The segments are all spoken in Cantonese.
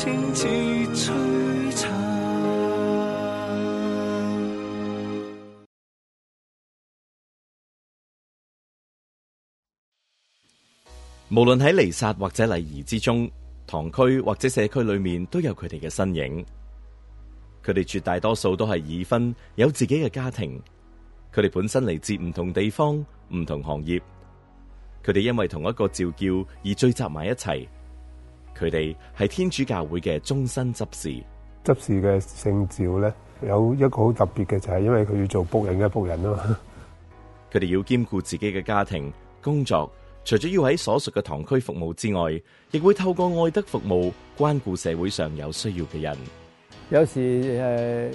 清塞無論喺彌撒或者禮儀之中，堂區或者社區裏面都有佢哋嘅身影。佢哋絕大多數都係已婚，有自己嘅家庭。佢哋本身嚟自唔同地方，唔同行業。佢哋因為同一個召叫而聚集埋一齊。佢哋係天主教會嘅終身執事，執事嘅聖召咧有一個好特別嘅，就係、是、因為佢要做僕人嘅僕人啊嘛。佢哋要兼顧自己嘅家庭、工作，除咗要喺所屬嘅堂區服務之外，亦會透過愛德服務，關顧社會上有需要嘅人。有時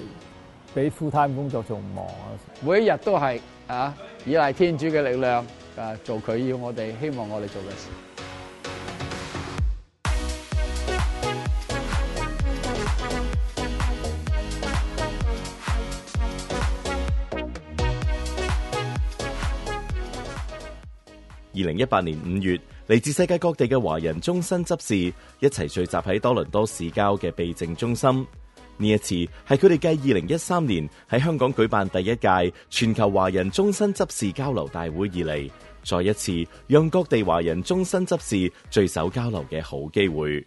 誒，比 full time 工作仲忙啊！每一日都係啊，依賴天主嘅力量啊，做佢要我哋，希望我哋做嘅事。二零一八年五月，嚟自世界各地嘅華人終身執事一齊聚集喺多倫多市郊嘅避靜中心。呢一次係佢哋繼二零一三年喺香港舉辦第一屆全球華人終身執事交流大會以嚟，再一次讓各地華人終身執事聚首交流嘅好機會。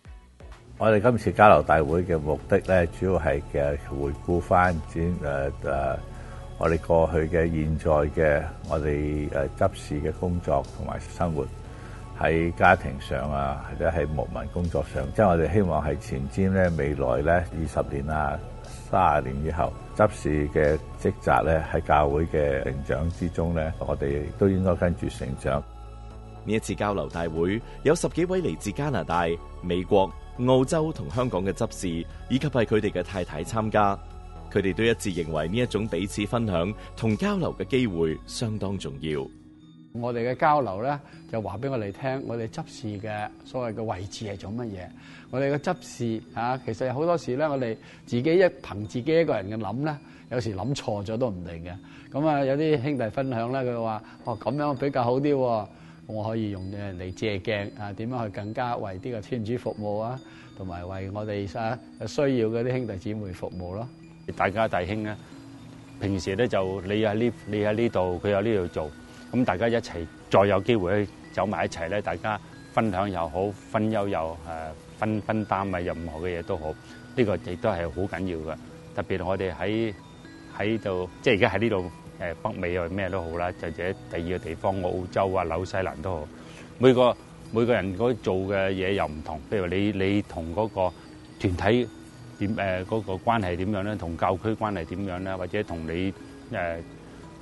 我哋今次交流大會嘅目的咧，主要係嘅回顧翻，只誒。我哋過去嘅、現在嘅、我哋誒執事嘅工作同埋生活，喺家庭上啊，或者喺牧民工作上，即係我哋希望係前瞻咧，未來咧二十年啊、三十年以後，執事嘅職責咧，喺教會嘅成長之中咧，我哋都應該跟住成長。呢一次交流大會有十幾位嚟自加拿大、美國、澳洲同香港嘅執事，以及係佢哋嘅太太參加。佢哋都一致認為呢一種彼此分享同交流嘅機會相當重要。我哋嘅交流咧，就話俾我哋聽，我哋執事嘅所謂嘅位置係做乜嘢？我哋嘅執事啊，其實好多時咧，我哋自己一憑自己一個人嘅諗咧，有時諗錯咗都唔定嘅。咁啊，有啲兄弟分享咧，佢話，哦，咁樣比較好啲，我可以用人嚟借鏡啊，點樣去更加為啲個天主服務啊，同埋為我哋啊需要嗰啲兄弟姊妹服務咯。大家弟兄咧，平時咧就你喺呢，你喺呢度，佢喺呢度做，咁大家一齊再有機會去走埋一齊咧，大家分享又好，分憂又誒，分分擔啊，任何嘅嘢都好，呢個亦都係好緊要嘅。特別我哋喺喺度，即係而家喺呢度誒北美又咩都好啦，或者第二個地方澳洲啊、紐西蘭都好，每個每個人嗰做嘅嘢又唔同。譬如你你同嗰個團體，點誒嗰個關係點樣咧？同教區關係點樣咧？或者同你誒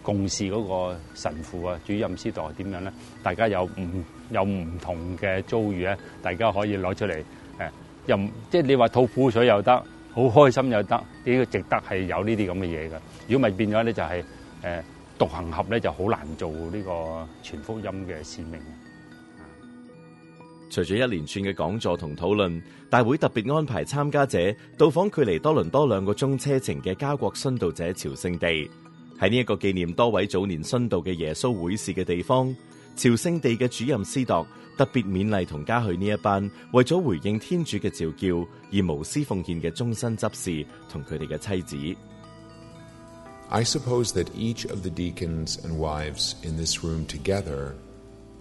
共事嗰個神父啊、主任司鐸點樣咧？大家有唔有唔同嘅遭遇咧？大家可以攞出嚟誒，又唔即係你話吐苦水又得，好開心又得，呢個值得係有呢啲咁嘅嘢㗎。如果咪變咗咧，就係誒獨行俠咧，就好難做呢個傳福音嘅使命。除咗一連串嘅講座同討論，大會特別安排參加者到訪距離多倫多兩個鐘車程嘅加國殉道者朝聖地。喺呢一個紀念多位早年殉道嘅耶穌會士嘅地方，朝聖地嘅主任司鐸特別勉勵同嘉許呢一班為咗回應天主嘅召叫而無私奉獻嘅終身執事同佢哋嘅妻子。I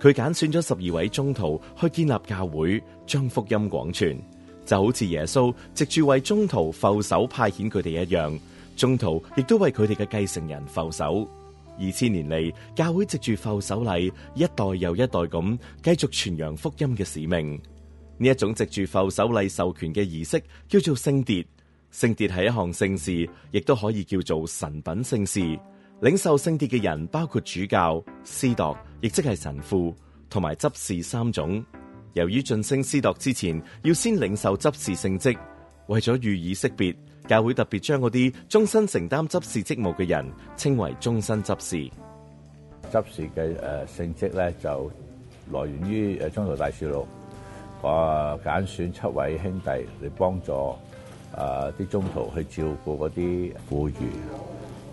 佢揀選咗十二位宗徒去建立教會，將福音廣傳，就好似耶穌藉住為宗徒覆手派遣佢哋一樣。宗徒亦都為佢哋嘅繼承人覆手。二千年嚟，教會藉住覆手禮，一代又一代咁繼續傳揚福音嘅使命。呢一種藉住覆手禮授權嘅儀式，叫做聖秩。聖秩係一項聖事，亦都可以叫做神品聖事。領受聖秩嘅人包括主教、司鐸。亦即係神父同埋執事三種。由於晉升司鐸之前要先領受執事聖職，為咗予以識別，教會特別將嗰啲終身承擔執事職務嘅人稱為終身執事。執事嘅誒聖職咧就來源於誒中途大小路，我、啊、揀選七位兄弟嚟幫助誒啲、啊、中途去照顧嗰啲婦孺，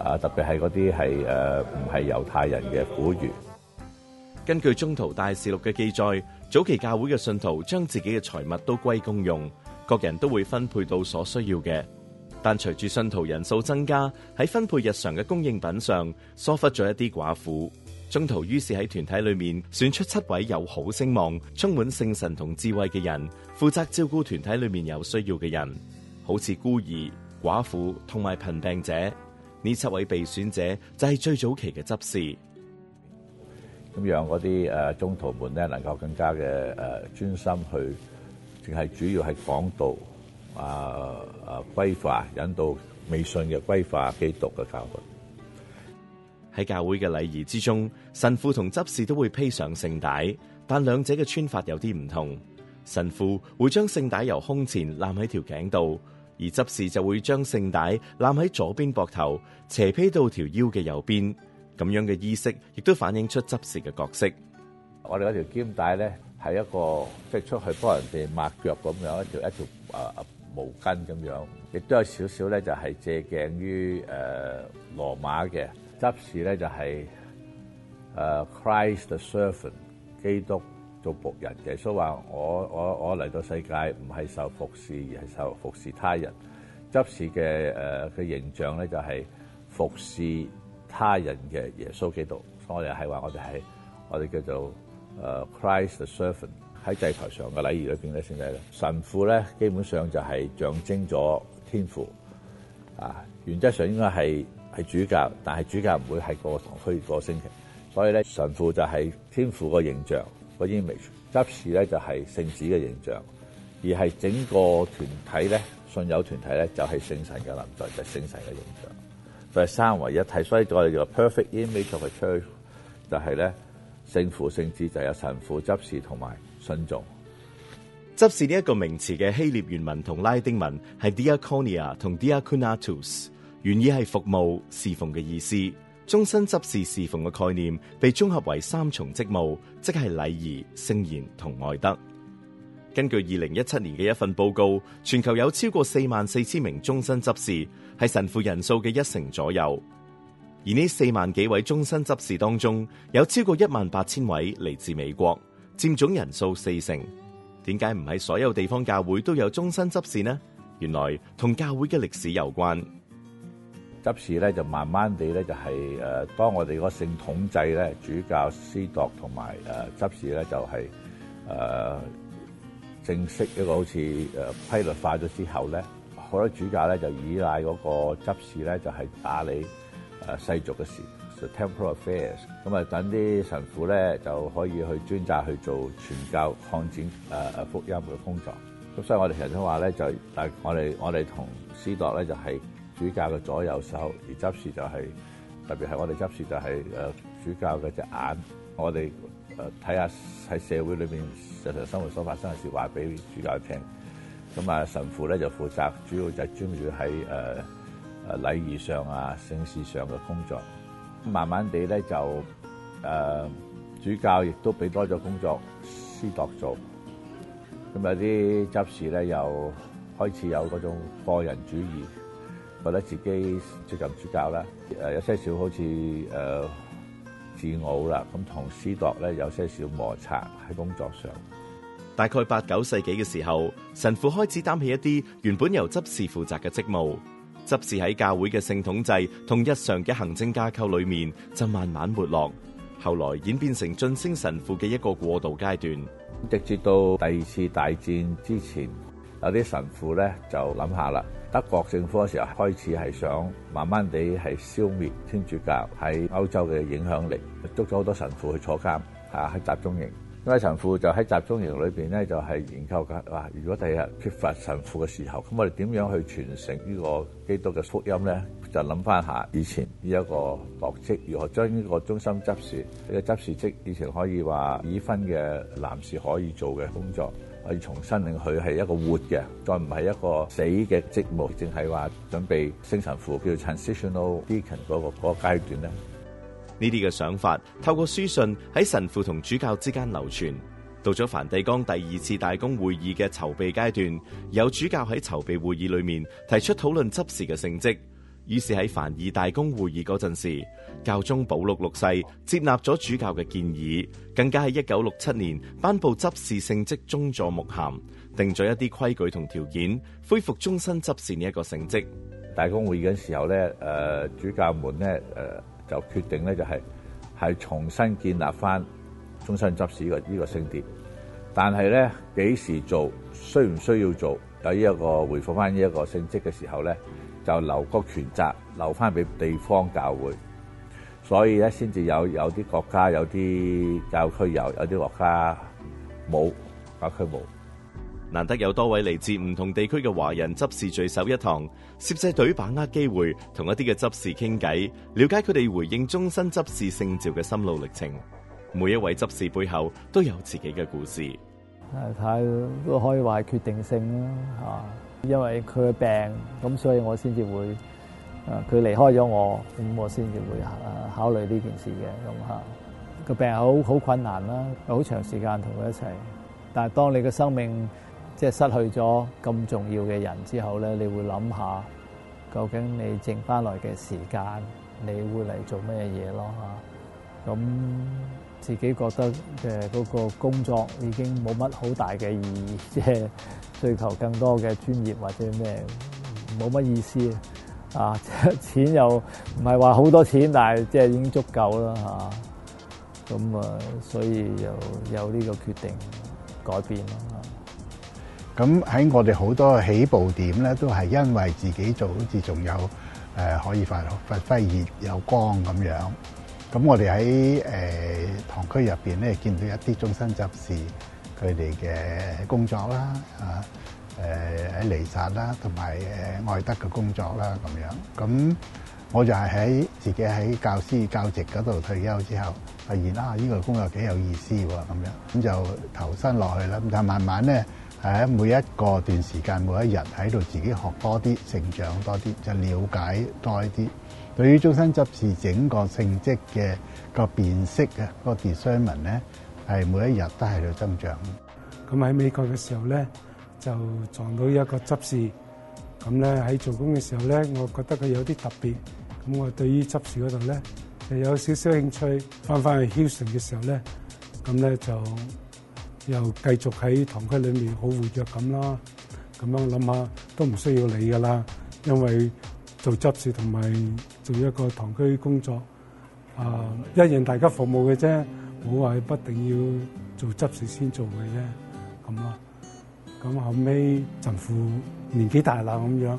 啊特別係嗰啲係誒唔係猶太人嘅婦孺。根據宗徒大事錄嘅記載，早期教會嘅信徒將自己嘅財物都歸公用，各人都會分配到所需要嘅。但隨住信徒人數增加，喺分配日常嘅供應品上疏忽咗一啲寡婦。宗徒於是喺團體裏面選出七位有好聲望、充滿聖神同智慧嘅人，負責照顧團體裏面有需要嘅人，好似孤兒、寡婦同埋貧病者。呢七位被選者就係最早期嘅執事。咁讓嗰啲誒中途門咧能夠更加嘅誒專心去，淨係主要係講道啊、啊歸化引導未信嘅歸化基督嘅教會。喺教會嘅禮儀之中，神父同執事都會披上聖帶，但兩者嘅穿法有啲唔同。神父會將聖帶由胸前攬喺條頸度，而執事就會將聖帶攬喺左邊膊頭，斜披到條腰嘅右邊。咁樣嘅衣飾，亦都反映出執事嘅角色。我哋嗰條肩帶咧，係一個即係出去幫人哋抹腳咁樣一條一條啊毛巾咁樣，亦都有少少咧就係借鏡於誒羅馬嘅執事咧，就係誒 Christ the Servant，基督做僕人嘅，所以話我我我嚟到世界唔係受服侍，而係受服侍他人。執事嘅誒嘅形象咧就係服侍。他人嘅耶穌基督，所以我哋係話我哋係我哋叫做誒 Christ the servant 喺祭台上嘅禮儀裏邊咧，先係神父咧，基本上就係象徵咗天父啊。原則上應該係係主教，但係主教唔會係個堂區個星期，所以咧神父就係天父個形象個 image，執事咧就係聖子嘅形象，而係整個團體咧，信友團體咧就係聖神嘅臨在，就係、是、聖神嘅形象。第三位一體，所以我哋叫 perfect image of the church。就係咧，聖父、聖子就有神父執事同埋信眾。執事呢一個名詞嘅希臘原文同拉丁文係 diakonia 同 diakonatus，原意係服務、侍奉嘅意思。終身執事侍奉嘅概念被綜合為三重職務，即係禮儀、聖言同愛德。根據二零一七年嘅一份報告，全球有超過四萬四千名終身執事。係神父人數嘅一成左右，而呢四萬幾位終身執事當中，有超過一萬八千位嚟自美國，佔總人數四成。點解唔係所有地方教會都有終身執事呢？原來同教會嘅歷史有關。執事咧就慢慢地咧就係、是、誒，當我哋個聖統制咧，主教、司鐸同埋誒執事咧就係、是、誒、呃，正式一個好似誒規律化咗之後咧。好多主教咧就依賴嗰個執事咧，就係打理誒世俗嘅事，temporal affairs。咁啊，等啲神父咧就可以去專責去做傳教擴展誒福音嘅工作。咁所以我哋成日都話咧，我我就我哋我哋同司鐸咧就係主教嘅左右手，而執事就係、是、特別係我哋執事就係誒主教嘅隻眼，我哋誒睇下喺社會裏邊日常生活所發生嘅事，話俾主教的聽。咁啊，神父咧就負責，主要就係專注喺誒誒禮儀上啊、聖事上嘅工作。慢慢地咧就誒、呃、主教亦都俾多咗工作司鐸做。咁有啲執事咧又開始有嗰種個人主義，覺得自己接近主教啦，誒、呃、有些少好似誒、呃、自傲啦。咁同司鐸咧有些少摩擦喺工作上。大概八九世紀嘅時候，神父開始擔起一啲原本由執事負責嘅職務。執事喺教會嘅聖統制同日常嘅行政架構裏面就慢慢沒落，後來演變成晉升神父嘅一個過渡階段。直至到第二次大戰之前，有啲神父呢就諗下啦，德國政府嘅時候開始係想慢慢地係消滅天主教喺歐洲嘅影響力，捉咗好多神父去坐監嚇喺集中營。因為神父就喺集中營裏面，咧，就係、是、研究緊話：如果第日缺乏神父嘅時候，咁我哋點樣去傳承呢個基督嘅福音咧？就諗翻下以前呢一個職，如何將呢個中心執事呢、這個執事職，以前可以話已婚嘅男士可以做嘅工作，可以重新令佢係一個活嘅，再唔係一個死嘅職務，淨係話準備升神父，叫 transitional deacon 嗰、那個階、那個、段咧。呢啲嘅想法透過書信喺神父同主教之間流傳，到咗梵蒂岡第二次大公會議嘅籌備階段，有主教喺籌備會議裏面提出討論執事嘅聖職，於是喺梵二大公會議嗰陣時，教宗保祿六世接納咗主教嘅建議，更加喺一九六七年頒布執事聖職宗座牧函，定咗一啲規矩同條件，恢復終身執事呢一個聖職。大公會議嘅時候咧，誒、呃，主教們咧，誒、呃。就決定咧、就是，就係係重新建立翻終身執事呢、這個呢、這個聖殿，但係咧幾時做，需唔需要做，有呢、這、一個回覆翻呢一個聖職嘅時候咧，就留個權責，留翻俾地方教會，所以咧先至有有啲國家有啲教區有，有啲國家冇教區冇。難得有多位嚟自唔同地區嘅華人執事聚首一堂，攝製隊把握機會，同一啲嘅執事傾偈，了解佢哋回應終身執事聖召嘅心路歷程。每一位執事背後都有自己嘅故事。睇都可以話係決定性啦，吓，因為佢嘅病，咁所以我先至會，誒，佢離開咗我，咁我先至會考慮呢件事嘅，咁吓。個病好好困難啦，好長時間同佢一齊，但係當你嘅生命。即係失去咗咁重要嘅人之後咧，你會諗下究竟你剩翻來嘅時間，你會嚟做咩嘢咯？嚇，咁自己覺得嘅嗰個工作已經冇乜好大嘅意義，即係追求更多嘅專業或者咩，冇乜意思啊！錢又唔係話好多錢，但係即係已經足夠啦嚇。咁啊，啊，所以又有呢個決定改變咯。咁喺我哋好多起步點咧，都係因為自己做好似仲有誒可以發發揮熱有光咁樣。咁我哋喺誒堂區入邊咧，見到一啲終身執事佢哋嘅工作啦，啊誒喺離散啦，同埋誒愛德嘅工作啦咁樣。咁我就係喺自己喺教師教職嗰度退休之後，發現啊，呢個工作幾有意思喎咁樣，咁就投身落去啦。咁但係慢慢咧。係喺每一個段時間，每一日喺度自己學多啲，成長多啲，就瞭解多啲。對於終身執事整個性質嘅個辨識嘅個辨識文咧，係每一日都喺度增長。咁喺美國嘅時候咧，就撞到一個執事，咁咧喺做工嘅時候咧，我覺得佢有啲特別。咁我對於執事嗰度咧，就有少少興趣。翻翻去 Hilton 嘅時候咧，咁咧就。又繼續喺堂區裏面好活躍咁啦，咁樣諗下都唔需要你噶啦，因為做執事同埋做一個堂區工作，啊、呃、一樣大家服務嘅啫，冇話不定要做執事先做嘅啫，咁咯、啊。咁後尾，陳父年紀大啦咁樣，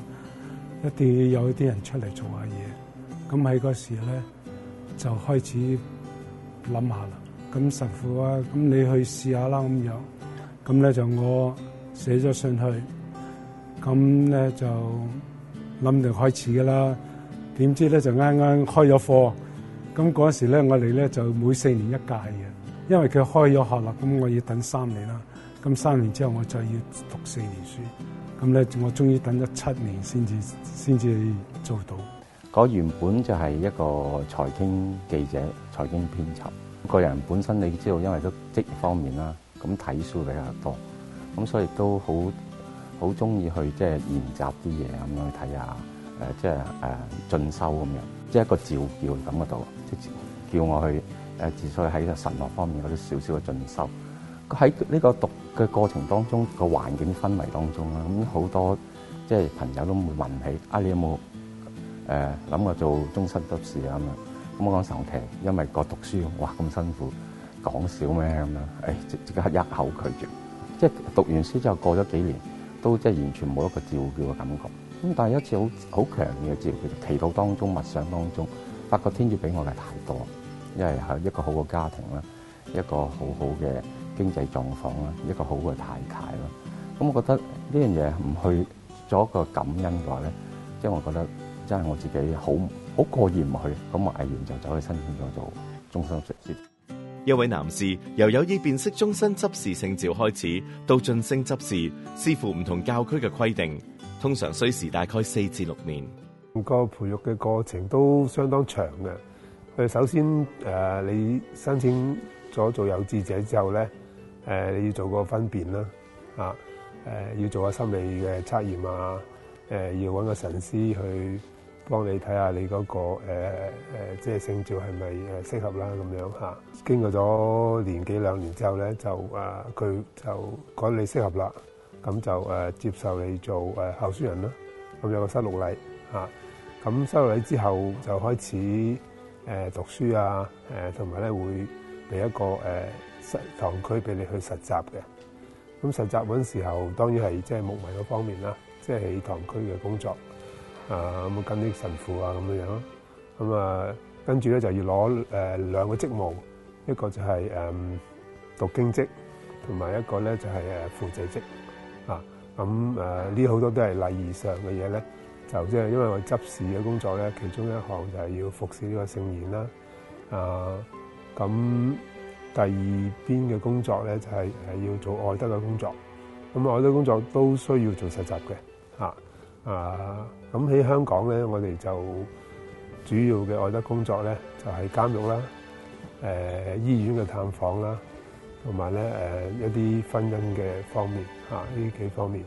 一定要有一啲人出嚟做下嘢，咁喺個時咧就開始諗下啦。咁神父啊，咁你去試下啦咁樣。咁咧就我寫咗信去，咁咧就諗定開始噶啦。點知咧就啱啱開咗課，咁嗰時咧我哋咧就每四年一屆嘅，因為佢開咗學啦，咁我要等三年啦。咁三年之後我就要讀四年書，咁咧我終於等咗七年先至先至做到。嗰原本就係一個財經記者、財經編輯。個人本身你知道，因為都職業方面啦，咁睇書比較多，咁所以都好好中意去即係研習啲嘢，咁樣去睇下，誒即係誒進修咁樣，即係一個召叫感覺到，即叫我去誒，至少喺神學方面有啲少少嘅進修。喺呢個讀嘅過程當中，個環境的氛圍當中啦，咁、呃、好多即係朋友都會問起，啊你有冇誒諗過做終身執事啊嘛？咁我講受聘，因為個讀書哇咁辛苦，講少咩咁啦？誒即即刻一口拒絕，即係讀完書之後過咗幾年，都即係完全冇一個召叫嘅感覺。咁但係一次好好強烈嘅召叫，祈禱當中、默想當中，發覺天主俾我嘅太多，因為係一個好嘅家庭啦，一個好好嘅經濟狀況啦，一個好嘅太太啦。咁我覺得呢樣嘢唔去做一個感恩嘅話咧，即係我覺得即係我自己好。好過意唔去，咁埋完就走去申請咗做終身執事。一位男士由有意辨識終身執事聖召開始，到晉升執事，視乎唔同教區嘅規定，通常需時大概四至六年。個培育嘅過程都相當長嘅。佢首先你申請咗做有志者之後咧，你要做個分辨啦，啊要做下心理嘅測驗啊，要搵個神師去。幫你睇下你嗰、那個即係聖召係咪適合啦，咁樣經過咗年幾兩年之後呢，就佢、呃、就講你適合啦，咁就接受你做誒候選人啦。咁有個收錄禮，咁收錄禮之後就開始讀書呀、啊，同埋咧會俾一個誒、呃、堂區俾你去實習嘅。咁實習嗰陣時候，當然係即係牧民嗰方面啦，即係喺堂區嘅工作。啊咁啊，跟啲神父啊咁樣咯，咁啊跟住咧就要攞誒兩個職務，一個就係、是、誒、呃、讀經職，同埋一個咧就係誒輔祭職啊。咁誒呢好多都係禮儀上嘅嘢咧，就即係因為我執事嘅工作咧，其中一項就係要服侍呢個聖言啦。啊，咁第二邊嘅工作咧就係、是、係要做愛德嘅工作。咁、啊、愛德工作都需要做實習嘅嚇啊。啊咁喺香港咧，我哋就主要嘅愛德工作咧，就係監獄啦、誒、呃、醫院嘅探訪啦，同埋咧誒一啲婚姻嘅方面嚇呢、啊、幾方面。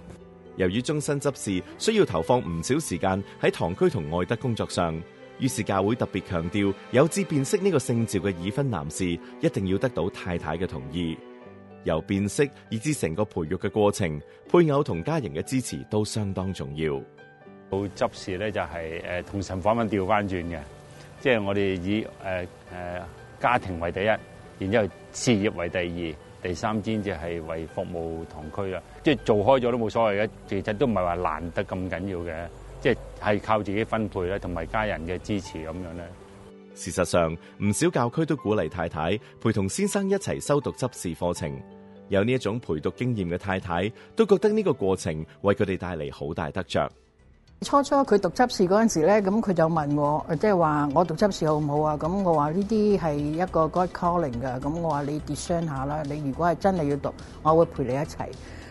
由於終身執事需要投放唔少時間喺堂區同愛德工作上，於是教會特別強調有志辨識呢個聖召嘅已婚男士，一定要得到太太嘅同意。由辨識以至成個培育嘅過程，配偶同家人嘅支持都相當重要。到執事咧就係、是、誒、呃、同神反揾調翻轉嘅，即係我哋以誒誒、呃呃、家庭為第一，然之後事業為第二，第三先至係為服務堂區啦。即係做開咗都冇所謂嘅，其實都唔係話難得咁緊要嘅，即係係靠自己分配咧，同埋家人嘅支持咁樣咧。事實上，唔少教區都鼓勵太太陪同先生一齊修讀執事課程。有呢一種陪讀經驗嘅太太都覺得呢個過程為佢哋帶嚟好大得着。初初佢讀執事嗰陣時咧，咁佢就問我，即係話我讀執事好唔好啊？咁我話呢啲係一個 God calling 㗎。咁我話你 decision 下啦。你如果係真係要讀，我會陪你一齊。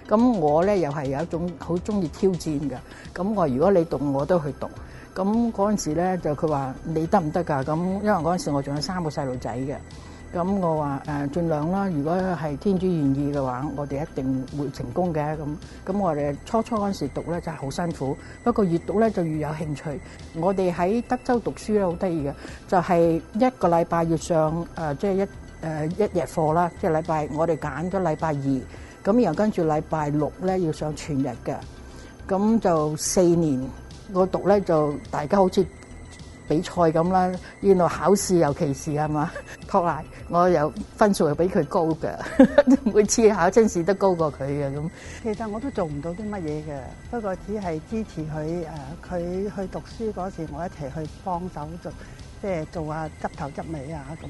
咁我咧又係有一種好中意挑戰㗎。咁我如果你讀，我都去讀。咁嗰陣時咧就佢話你得唔得噶？咁因為嗰陣時我仲有三個細路仔嘅。咁我話誒、呃，盡量啦。如果係天主願意嘅話，我哋一定會成功嘅。咁咁，我哋初初嗰陣時讀咧就係好辛苦，不過越讀咧就越有興趣。我哋喺德州讀書咧好得意嘅，就係、是、一個禮拜要上誒、呃，即係一誒、呃、一日課啦，即係禮拜我哋揀咗禮拜二，咁然後跟住禮拜六咧要上全日嘅，咁就四年我讀咧就大家好似。比賽咁啦，原來考試尤其是係嘛？托賴我又分數又比佢高嘅，每次考真試都他高過佢嘅咁。其實我都做唔到啲乜嘢嘅，不過只係支持佢誒，佢去讀書嗰時，我一齊去幫手做，即係做下執頭執尾啊咁。誒、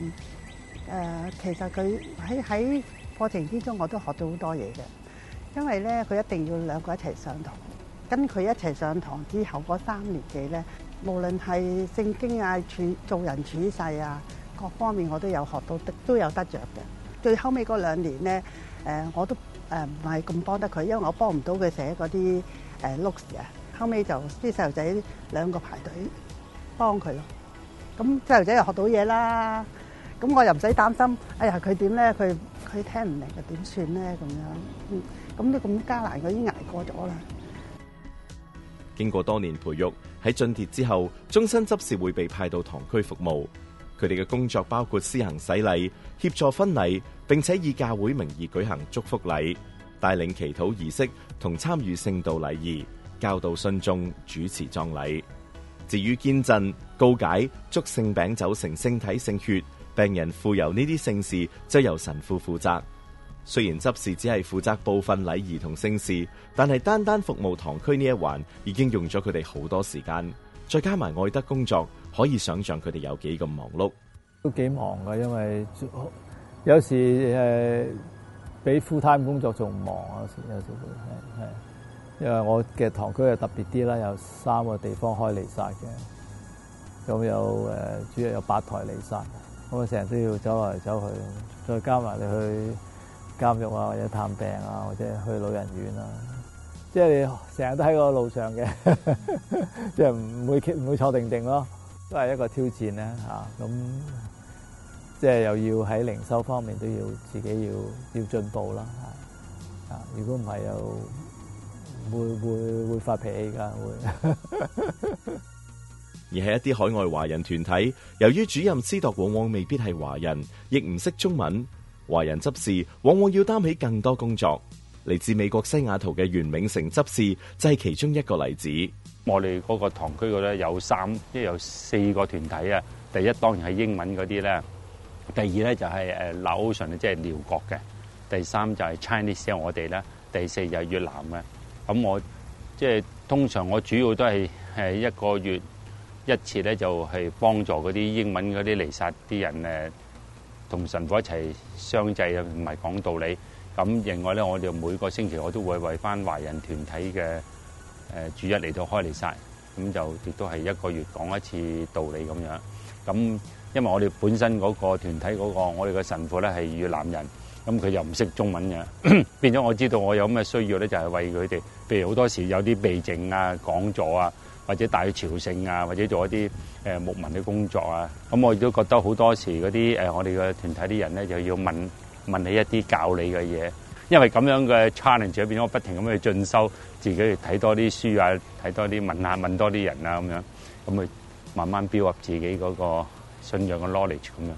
嗯，其實佢喺喺課程之中，我都學到好多嘢嘅，因為咧佢一定要兩個一齊上堂，跟佢一齊上堂之後嗰三年幾咧。無論係聖經啊、處做人處世啊，各方面我都有學到的，都有得着嘅。最後尾嗰兩年咧，誒我都誒唔係咁幫得佢，因為我幫唔到佢寫嗰啲誒 note 啊。後尾就啲細路仔兩個排隊幫佢咯。咁細路仔又學到嘢啦，咁我又唔使擔心。哎呀，佢點咧？佢佢聽唔明就點算咧？咁樣咁咁都咁艱難，佢已經捱過咗啦。經過多年培育。喺晉鐸之後，終身執事會被派到堂區服務。佢哋嘅工作包括施行洗禮、協助婚禮，並且以教會名義舉行祝福禮、帶領祈禱儀式同參與聖道禮儀、教導信眾、主持葬禮。至於堅振、告解、祝聖餅酒成聖體聖血、病人傅油呢啲聖事，則由神父負責。雖然執事只係負責部分禮儀同聖事，但係單單服務堂區呢一環，已經用咗佢哋好多時間。再加埋愛德工作，可以想象佢哋有幾咁忙碌。都幾忙噶，因為有時誒，比 full time 工作仲忙啊！有時，有時會係係，因為我嘅堂區又特別啲啦，有三個地方開彌撒嘅，咁有誒，主要有八台彌撒。咁啊，成日都要走嚟走去。再加埋你去，監獄啊，或者探病啊，或者去老人院啊，即係你成日都喺個路上嘅，即係唔會唔會坐定定咯，都係一個挑戰咧嚇。咁即係又要喺靈修方面都要自己要要進步啦嚇。啊，如果唔係又會會會發脾氣㗎會。而係一啲海外華人團體，由於主任司鐸往往未必係華人，亦唔識中文。華人執事往往要擔起更多工作，嚟自美國西雅圖嘅袁永成執事就係其中一個例子。我哋嗰個堂區咧有三，即係有四個團體啊。第一當然係英文嗰啲咧，第二咧就係誒 Laosian，即係寮國嘅。第三就係 Chinese，我哋咧，第四就係越南嘅。咁我即係通常我主要都係誒一個月一次咧，就係幫助嗰啲英文嗰啲嚟殺啲人誒。同神父一齊相制，啊，唔係講道理。咁另外咧，我哋每個星期我都會為翻華人團體嘅誒主日嚟到開彌撒。咁就亦都係一個月講一次道理咁樣。咁因為我哋本身嗰、那個團體嗰、那個，我哋嘅神父咧係越南人，咁佢又唔識中文嘅， 變咗我知道我有咩需要咧，就係、是、為佢哋，譬如好多時有啲避靜啊、講座啊。或者帶去朝聖啊，或者做一啲誒牧民嘅工作啊。咁我亦都覺得好多時嗰啲誒，我哋嘅團體啲人咧，就要問問起一啲教理嘅嘢，因為咁樣嘅 challenge 裏邊，我不停咁去進修，自己去睇多啲書啊，睇多啲問下問多啲人啊，咁樣咁去慢慢彌合自己嗰個信仰嘅 knowledge 咁樣。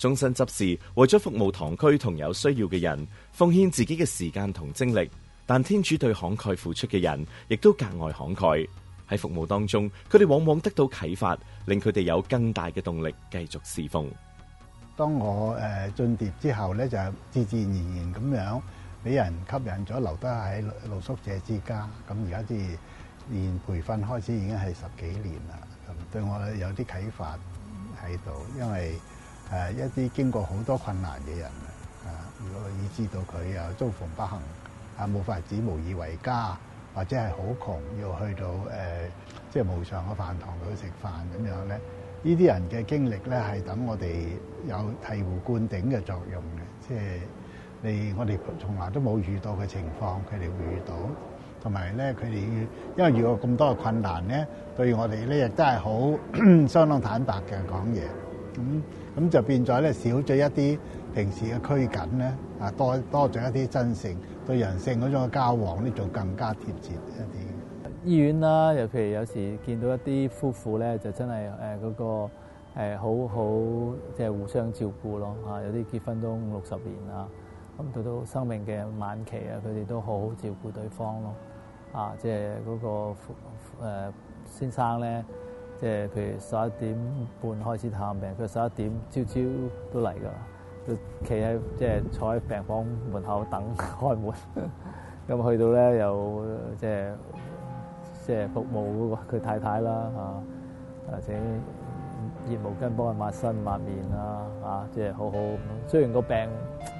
終身執事為咗服務堂區同有需要嘅人，奉獻自己嘅時間同精力，但天主對慷慨付出嘅人，亦都格外慷慨。喺服務當中，佢哋往往得到啟發，令佢哋有更大嘅動力繼續侍奉。當我誒進碟之後咧，就自自然然咁樣俾人吸引咗，留得喺露宿者之家。咁而家啲連培訓開始已經係十幾年啦，對我有啲啟發喺度。因為誒一啲經過好多困難嘅人啊，我已知道佢有遭逢不幸，啊冇法子無以為家。或者係好窮，要去到誒、呃、即係無償嘅飯堂度食飯咁樣咧，呢啲人嘅經歷咧係等我哋有醍醐灌頂嘅作用嘅，即、就、係、是、你我哋從來都冇遇到嘅情況，佢哋會遇到，同埋咧佢哋因為遇到咁多嘅困難咧，對於我哋呢，亦都係好相當坦白嘅講嘢，咁咁就變咗咧少咗一啲平時嘅拘謹咧，啊多多咗一啲真誠。對人性嗰種交往咧，就更加貼切一啲。醫院啦，尤其有時見到一啲夫婦咧，就真係誒嗰個誒好好即係、就是、互相照顧咯。嚇，有啲結婚都五六十年啦，咁到到生命嘅晚期啊，佢哋都好好照顧對方咯。啊、就是那個，即係嗰個誒先生咧，即係譬如十一點半開始探病，佢十一點朝朝都嚟㗎。都企喺即係坐喺病房門口等開門，咁 去到咧有即係即係服務佢太太啦嚇，或者熱毛巾幫佢抹身抹面啦、啊，嚇、啊，即、就、係、是、好好。雖然個病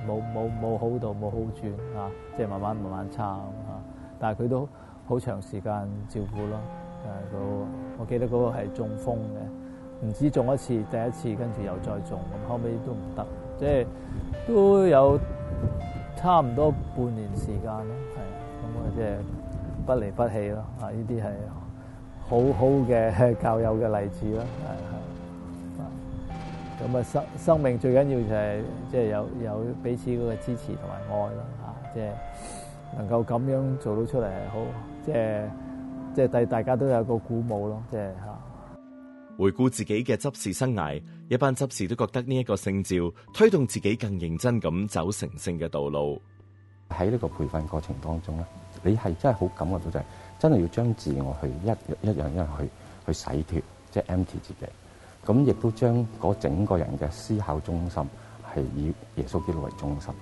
冇冇冇好到冇好轉啊，即、就、係、是、慢慢慢慢差嚇、啊，但係佢都好長時間照顧咯。誒、啊，嗰我記得嗰個係中風嘅，唔止中一次，第一次跟住又再中，咁後尾都唔得。即係都有差唔多半年時間咯，係咁啊！即係不離不棄咯，啊！呢啲係好好嘅教友嘅例子咯，係係。咁啊，生生命最緊要就係即係有有彼此嗰個支持同埋愛咯，啊！即係能夠咁樣做到出嚟係好，即係即係大大家都有一個鼓舞咯，即係嚇。回顧自己嘅執事生涯，一班執事都覺得呢一個聖召推動自己更認真咁走成聖嘅道路。喺呢個培訓過程當中咧，你係真係好感覺到就係真係要將自我去一一樣一樣去去洗脫，即係 empty 自己。咁亦都將嗰整個人嘅思考中心係以耶穌基督為中心。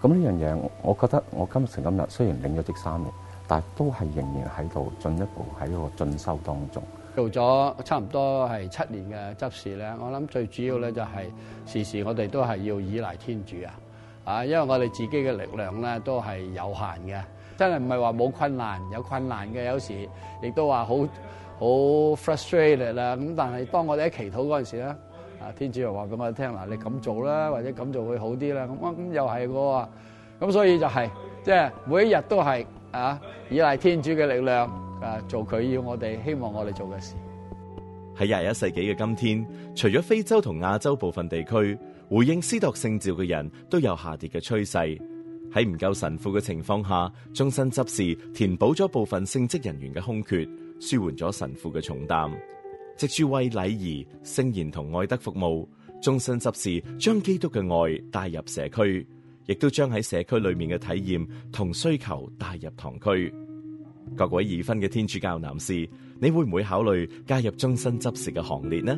咁呢樣嘢，我覺得我今日成今日雖然領咗職三年，但係都係仍然喺度進一步喺個進修當中。做咗差唔多係七年嘅執事咧，我諗最主要咧就係時時我哋都係要依賴天主啊！啊，因為我哋自己嘅力量咧都係有限嘅，真係唔係話冇困難，有困難嘅，有時亦都話好好 frustrated 啦咁。但係當我哋喺祈禱嗰陣時咧，啊，天主又話俾我聽嗱，你咁做啦，或者咁做會好啲啦。咁啊，咁又係喎，咁所以就係即係每一日都係啊依賴天主嘅力量。做佢要我哋，希望我哋做嘅事。喺廿一世紀嘅今天，除咗非洲同亞洲部分地區回應司鐸聖召嘅人，都有下跌嘅趨勢。喺唔夠神父嘅情況下，終身執事填補咗部分聖職人員嘅空缺，舒緩咗神父嘅重擔，藉住為禮儀、聖言同愛德服務，終身執事將基督嘅愛帶入社區，亦都將喺社區裏面嘅體驗同需求帶入堂區。各位已婚嘅天主教男士，你會唔會考慮加入終身執事嘅行列呢？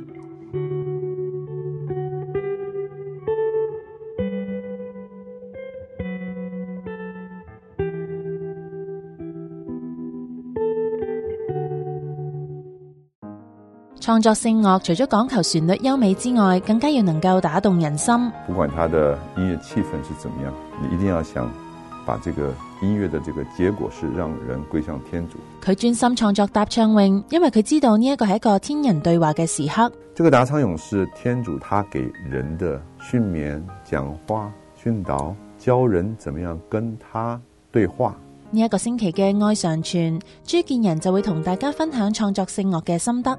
創作性樂除咗講求旋律優美之外，更加要能夠打動人心。不管它的音樂氣氛是怎麼樣，你一定要想把這個。音樂的這個結果是讓人歸向天主。佢專心創作《答唱詠》，因為佢知道呢一個係一個天人對話嘅時刻。這個答唱詠是天主，他給人的訓勉、講話、訓導，教人怎麼樣跟他對話。呢一個星期嘅愛上傳，朱建仁就會同大家分享創作聖樂嘅心得。